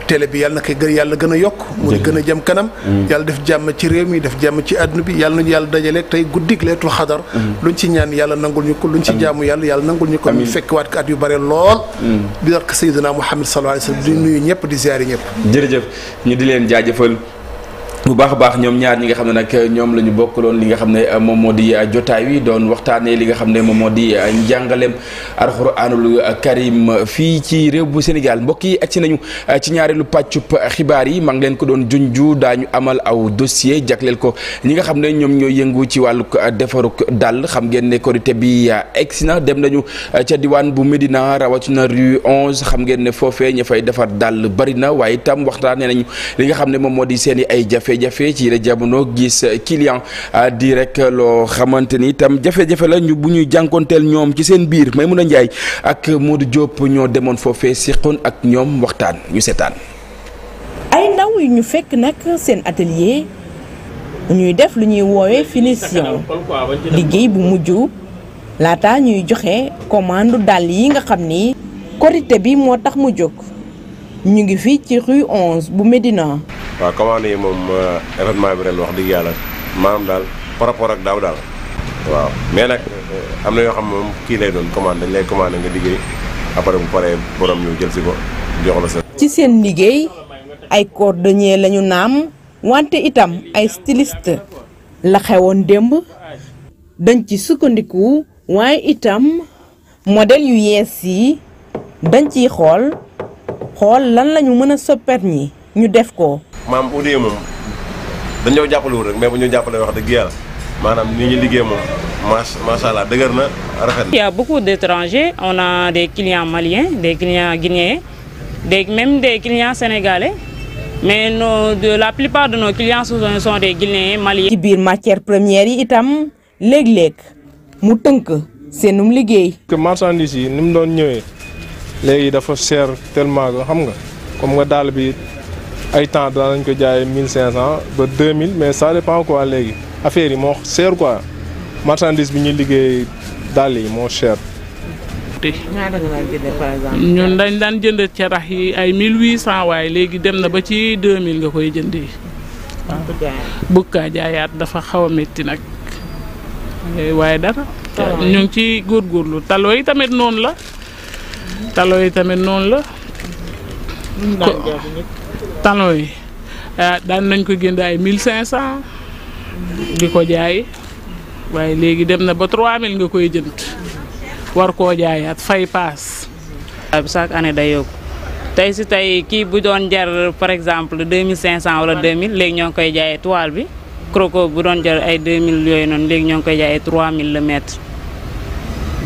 télé bi yàlla na koy gën yàlla gën a yokk mu gën a jëm kanam mm. yàlla def jàmm ci réew mi def jàmm ci àdduna bi yàlla nañu yàlla dajale tey guddig leetul xadar mm. luñ ci ñaan yàlla nangul ñu ko luñ ci jàmm yàlla yàlla nangul ñu ko ñu fekk waat ko at yu bare lool bi mm. dark sayyidina Muhammad sallallahu alayhi wasallam di nuyu ñëpp di ziyaari ñëpp jërëjëf ñu di leen jaajëfal bu baax a baax ñoom ñaar ñi nga xam ne nag ñoom la ñu loon li nga xam ne moom moo di jotaay wi doon waxtaanee li nga xam ne moom moo di njàngaleem alxuraanul karim fii ci réew bu Sénégal mbokk yi agsi nañu ci ñaareelu pàccub xibaar yi maa ngi leen ko doon junju daañu amal aw dossier jagleel ko ñi nga xam ne ñoom ñooy yëngu ci wàlluk defaruk dàll xam ngeen ne korité bi egsi na dem nañu ca diwaan bu Médina rawatina rue 11 xam ngeen ne foofee ña fay defar dàll bari na waaye itam waxtaanee nañu li nga xam ne moom moo di seen i ay jafe jafe-jafe ci la jamono gis client ah, di rek loo xamante ni itam jafe-jafe la bu ñuy jànkoonteel ñoom ci seen biir Maimouna Ndiaye ak Modou Diop ñoo demoon foofe siqoon ak ñoom waxtaan ñu seetaan. ay ndaw yu ñu fekk nag seen atelier ñuy def lu ñuy woowee finition liggéey bu mujj laata ñuy joxe commande dàll yi nga xam ni korité bi moo tax mu jóg ñu ngi fii ci rue 11 bu Médina waaw commande yi moom euh, événement bi ren wax dëgg yàlla maam daal par rapport ak daaw daal waaw mais nag euh, am na yoo xam moom kii lay doon commande dañ lay commandé nga liggéey après bu paree borom ñu jël ko jox la sa. ci seen liggéey ay cordonnier lañu naam wante itam ay styliste la xewoon démb dañ ci sukkandiku waaye itam modèle yu yees yi dañ ciy xool xool lan lañu mën a soppeet ñi ñu def ko. maam au lieu moom dañoo jàppalewul rek mais bu ñu jàppale wax dëgg yàlla maanaam ni ñu liggéey moom macha allah dëgër na rafet na. il y a on a des clients maliens des clients guinéens des même de clients sénégalais. mais non de la plupart de nos clients sont des Guinéens maliens. ci biir matière première yi itam léeg-léeg mu tënk seenum liggéey. que yi ni mu doon ñëwee léegi dafa cher tellement xam nga comme nga daal bi ay temps danañ ko jaay mille cinq cent ba deux mille mais ça dépend quoi léegi affaire yi moo cher quoi marchandise bi ñuy liggéey dàll yi moo cher. ñun dañ daan jënd cerax yi ay mille huit cent waaye léegi dem na ba ci deux mille nga koy jëndee. waaw bukkaa jaayaat dafa xaw a métti nag. Eh, waaye dara. ñu ngi ciy góorgóorlu taloo yi tamit noonu la. taloo yi tamit noonu la. talon yi ah, daan nañ ko génn ay mille cinq cent di ko jaay waaye léegi dem na ba trois mille nga koy jënd war koo jaay jaayaat fay paas. Ah, chaque année day yokku tey si tey kii bu doon jar par exemple deux cinq cent wala deux mille léegi ñoo ngi koy jaayee toile bi croco bu doon jar ay deux mille yooyu noonu léegi ñoo ngi koy jaay trois mille le mètre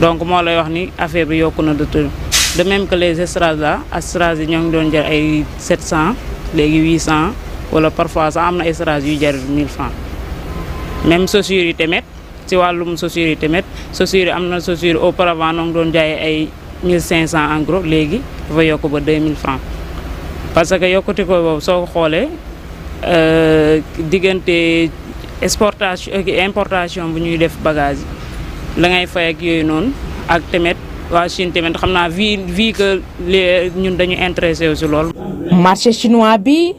donc moo lay wax ni affaire bi yokku na de tout de même que les strass là strass yi ñoo ngi doon jar ay sept cent. léegi huit cent wala parfois sax am na assurance yu jar mille francs même chaussures yi tamit ci wàllum chaussures yi tamit chaussures am na chaussures auparavant noo ngi doon jaayee ay mille cinq cent en léegi dafa yokk ba deux mille francs parce que yokkute ko boobu soo ko xoolee euh, diggante exportation euh, importation bu ñuy def bagage yi la ngay fay ak yooyu noonu ak tamit waa Chine tamit xam naa vie vi que ñun dañu intéressé wu si lool marché chinois bi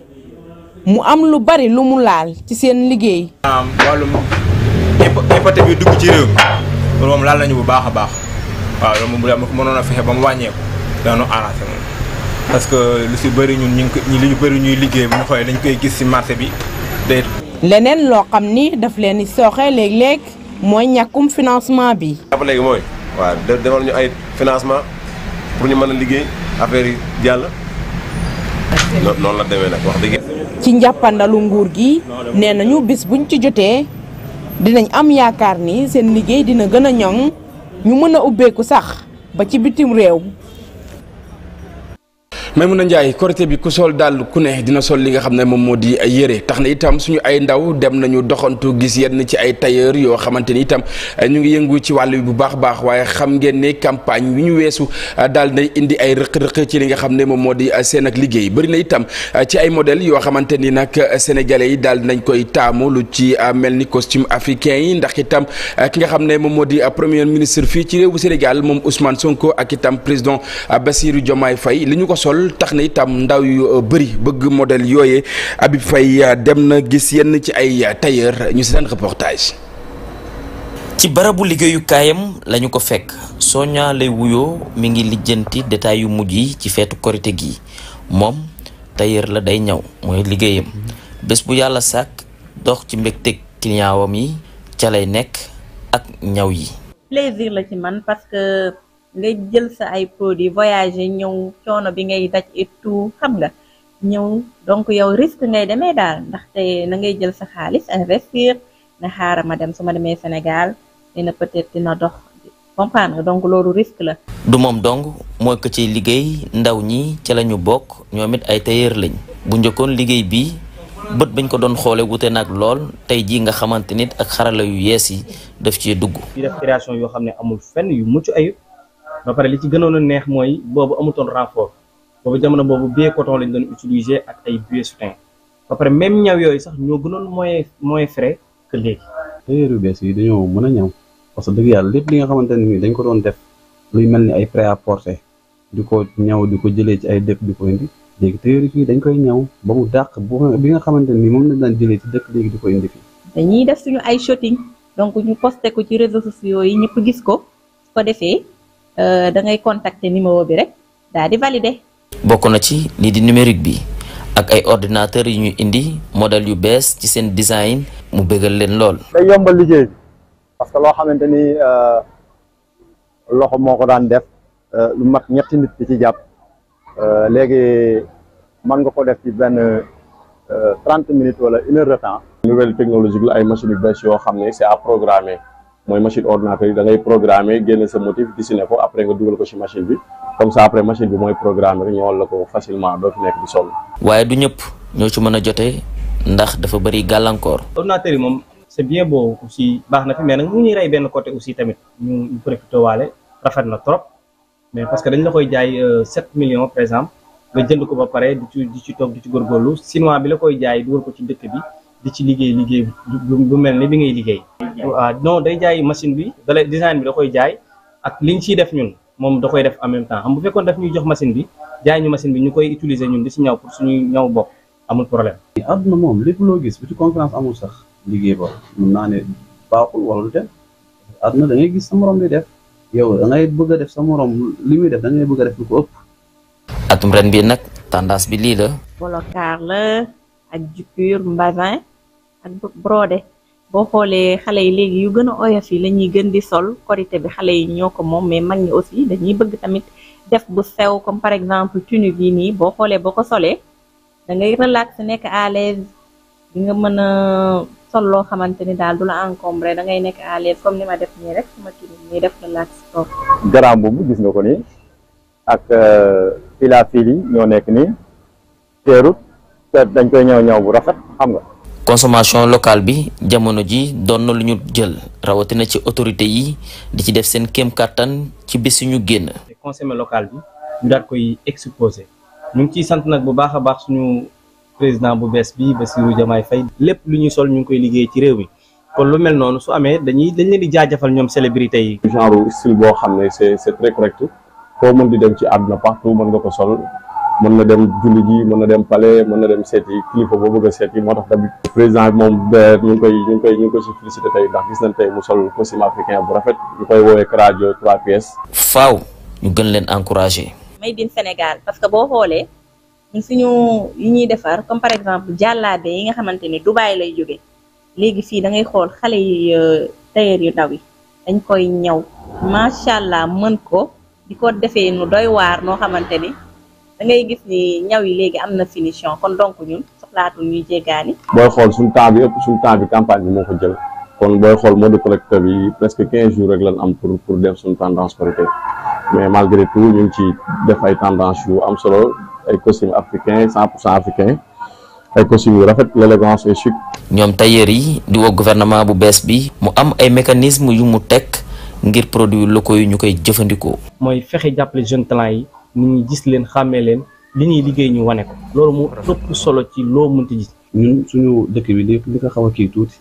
mu am lu bari lu mu laal ci seen liggéey. wàllum importé bi dugg ci réew mi loolu moom laal nañu bu baax a baax waaw loolu moom bu mënoon a fexe ba mu wàññeeku daanu arrangé moom. parce que lu si bëri ñu ngi ñu bëri ñuy liggéey bu ñu xoolee dañ koy gis si marché bi day. leneen loo xam ni daf leen di sooxe léeg mooy ñàkkum financement bi. dafa léegi mooy waaw defal ñu ay financement pour ñu mën a liggéey affaire yi jàll. ci njàppandalu nguur gi nee nañu bis buñ ci jotee dinañ am yaakaar ni seen liggéey dina gën a ñoŋ ñu mën a ubbeeku sax ba ci bitim réew Maimouna Ndiaye korité bi ku sol daal ku ne dina sol li nga xam ne moom moo di yére tax na itam suñu ay ndaw dem nañu doxantu gis yenn ci ay tailleur yoo xamante ni itam eh, ñu ngi yëngu ci wàll bu baax baax waaye xam ngeen ne campagne wi ñu weesu eh, daal na indi ay rëq-rëq ci li nga xam ne moom moo di eh, seen ak liggéey na itam ci ay modèles yoo xamante ni nag sénégalais yi daal nañ koy taamu lu ci mel ni costume africain yi ndax itam ki nga xam ne moom moo di premier ministre fii ci réew bu Sénégal moom Ousmane Sonko ak itam président Bassirou Diomaye fay li ñu ko sol lool tax na itam ndaw yu euh, bëri bëgg modèle yooyee Habib Faye euh, dem na gis yenn ci ay euh, tailleur ñu seen reportage. ci barabu liggéeyukaayam lañu ko fekk Sonia lay wuyoo mi ngi lijjanti détail yu mujj yi ci feetu korite gi moom tailleur la day ñaw mooy liggéeyam bés bu yàlla sàkk dox ci mbégteeg client yi ca lay nekk ak ñaw yi. nga jël sa ay produits voyager ñëw coono bi ngay daj et tout xam nga ñëw donc yow risque ngay demee daal ndaxte na ngay jël sa xaalis investir na xaaral ma dem su demee Sénégal dina peut dina dox comprendre donc loolu risque la. du moom dong mooy ko ci liggéey ndaw ñi ci la ñu bokk ñoom it ay tailleur lañ bu njëkkoon liggéey bi bët bañ ko doon xoolee wute nag lool tey jii nga xamante nit ak xarala yu yees yi def cee dugg. yu yoo xam ne amul fenn yu mucc ayib. ba pare li ci gënoon a neex mooy boobu amutoon renfort boobu jamono boobu bee coton lañ doon utiliser ak ay buée soutien ba pare même ñaw yooyu sax ñoo gënoon moyen mooy frais que léegi. tailleur yu bees yi dañoo mën a ñaw parce que dëgg yàlla lépp li nga xamante ne ni dañ ko doon def luy mel ni ay prêt à porter di ko ñaw di ko jëlee ci ay dëkk di ko indi léegi tailleur yi dañ koy ñaw ba mu dàq bi nga xamante ne ni moom lañ daan jëlee ci dëkk léegi di ko indi fii. dañuy Euh, da ngay contacter numéro bi rek daal di valider. bokk na ci lii di numérique bi ak ay ordinateur yu ñu indi modèle yu bees ci seen design mu bëggal leen lool. day yombal liggéey bi parce que loo xamante ni euh, loxo moo ko daan def euh, lu mat ñetti nit di ci jàpp léegi mën nga ko def ci benn. trente minutes wala une heure de temps. nouvelle technologie la ay machines yu bees yoo xam ne c'est à programmer mooy machine ordinateur yi dangay ngay programmer génne sa motif dessiné ko après nga dugal ko ci machine bi comme ça après machine bi mooy programmer ñëwal la ko facilement doo fi nekk di sonn. waaye du ñëpp ñoo ci mën a jotee ndax dafa bëri gàllankoor. ordinateur yi moom c'est bien beau aussi baax na fi mee nag mu ñuy rey benn côté aussi tamit ñu ñu profité waale rafet na trop mais parce que dañ la koy jaay 7 euh, millions par exemple nga jënd ko ba pare di ci di ci toog di ci bi la koy jaay dugal ko ci dëkk bi. di ci liggéey liggéey bu mel ni bi ngay liggéey waaw ah, non day jaay machine bi design bi da jaay ak liñ ciy def ñun moom da koy def en même temps xam bu fekkoon daf ñuy jox machine bi jaay ñu machine bi ñu koy utiliser ñun di si ñaw pour suñuy ñaw bopp amul problème àdduna moom lépp loo gis bu ci concurrence amul sax liggéey ba mun naa ne baaxul wala lu dem àdduna da ngay gis sa morom di def yow da ngay bëgg def sa morom li muy def da ngay a def lu ko ëpp atum ren bi nag tendance bi lii la bolokaar la ak brode boo xoolee xale yi léegi yu gën a oyof yi la ñuy gën di sol korité bi xale yi ñoo ko moom mais mag ñi aussi dañuy bëgg tamit def bu sew comme par exemple tunique yi nii boo xoolee boo ko solee da ngay relax nekk à l'aise di nga mën a sol loo xamante ni daal du la encombré da ngay nekk à l'aise comme ni ma def nii rek suma tunique nii def relax toog garaam boobu gis nga ko nii ak euh, fila fil yi ñoo nekk nii teerut te dañ koy ñëw ñëw bu rafet xam nga consommation locale bi jamono ji doon na lu ñu jël rawatina ci autorité yi di ci def seen kéem kàttan ci bés yu ñu génn. consommé local bi ñu daal koy exposé ñu ngi ciy sant nag bu baax a baax suñu président bu bees bi Bassirou Diomaye fay lépp lu ñuy sol ñu ngi koy liggéey ci réew mi kon lu mel noonu su amee dañuy dañ leen di jaajëfal ñoom célébrité yi. genre style boo xam ne c'est c'est très correct foo mën di dem ci àdduna partout mën nga ko sol. mën na dem julli ji mën na dem palais mën na dem seeti kilifa boo bëgg seeti moo tax tamit président bi moom eh, ñu ngi koy ñu ngi koy ñu koy si félicité tey ndax gis nañ tey mu sol costume africain bu rafet ñu koy woowee Karajo 3 pièces. faaw ñu gën leen encouragé. may in Sénégal parce que boo xoolee ñun suñu yi ñuy defar comme par exemple jàllaabe yi nga xamante ni Dubaï lay jóge léegi fii da ngay xool xale yi euh, tailleur yu ndaw dañ koy ñaw macha allah mën ko di ko defee nu doy noo xamante ni. da gis ni ñaw yi léegi am na finition kon donc ñun soxlaatul ñuy jéggaani. booy xool suñu temps bi yëpp suñu temps bi campagne bi moo ko jël kon booy xool mode collecteur bi presque quinze jours rek lañ am pour pour def suñu tendance parité mais malgré tout ñu ci def ay tendance yu am solo ay costume africain cent pour cent africain ay costume yu rafet l'élégance et ñoom tailleur yi di woo gouvernement bu bees bi mu am ay mécanisme yu mu teg ngir produit lu koy ñu koy jëfandikoo. mooy fexe jàppale jeunes talents yi. mu ñi gis leen xàmmee leen li ñuy liggéey ñu wane ko loolu moo ëpp solo ci loo mënti gis. ñun suñu dëkk bi li li ko xaw a kii tuuti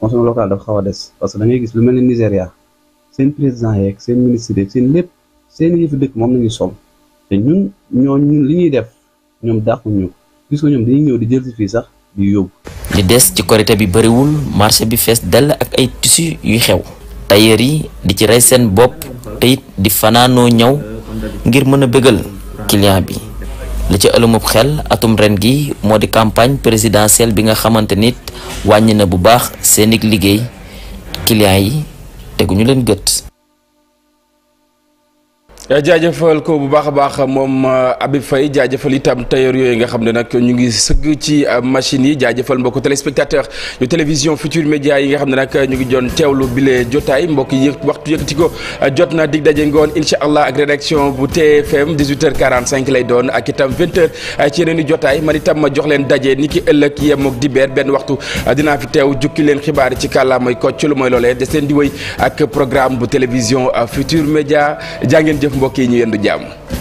consommer local dafa xaw a des parce que da ngay gis lu mel ni Nigéria seen président yeeg seen ministre seen lépp seen yëfu dëkk moom lañuy sol te ñun ñooñu ñun li ñuy def ñoom dàquñu ñu gis ko ñoom dañuy ñëw di jël fii sax di yóbbu. li des ci korité bi bëriwul marché bi fees dell ak ay tissu yuy xew tailleur yi di ci rey seen bopp it di fanaanoo ñëw. ngir mën a bégal client bi li ci ëllëmub xel atum ren gi moo di campagne présidentielle bi nga xamante nit wàññi na bu baax seen liggéey client yi teguñu leen gët jaajëfal ko bu baax a baax moom euh, abi fay jaajëfal itam tailleur yooyu nga xam ne nag ñu ngi sëgg ci euh, machine yi jaajëfal mbokku téléspectateur yu télévision Futur Média yi nga xam ne nag ñu ngi doon teewlu bile jotaay mbokk yi waxtu yëkkati ko euh, jot na dig daje ngoon incha allah ak rédaction bu TFM 18h45 lay doon ak itam 20h jotaay man itam ma jox leen daje ni ki ëllëg yem ak dibeer benn waxtu dinaa fi teew jukki leen xibaar ci kàllaamay kocc lu mooy loolee des leen di wéy ak programme bu télévision Futur Média jaa jëf bokk yi ñu yendu jàmm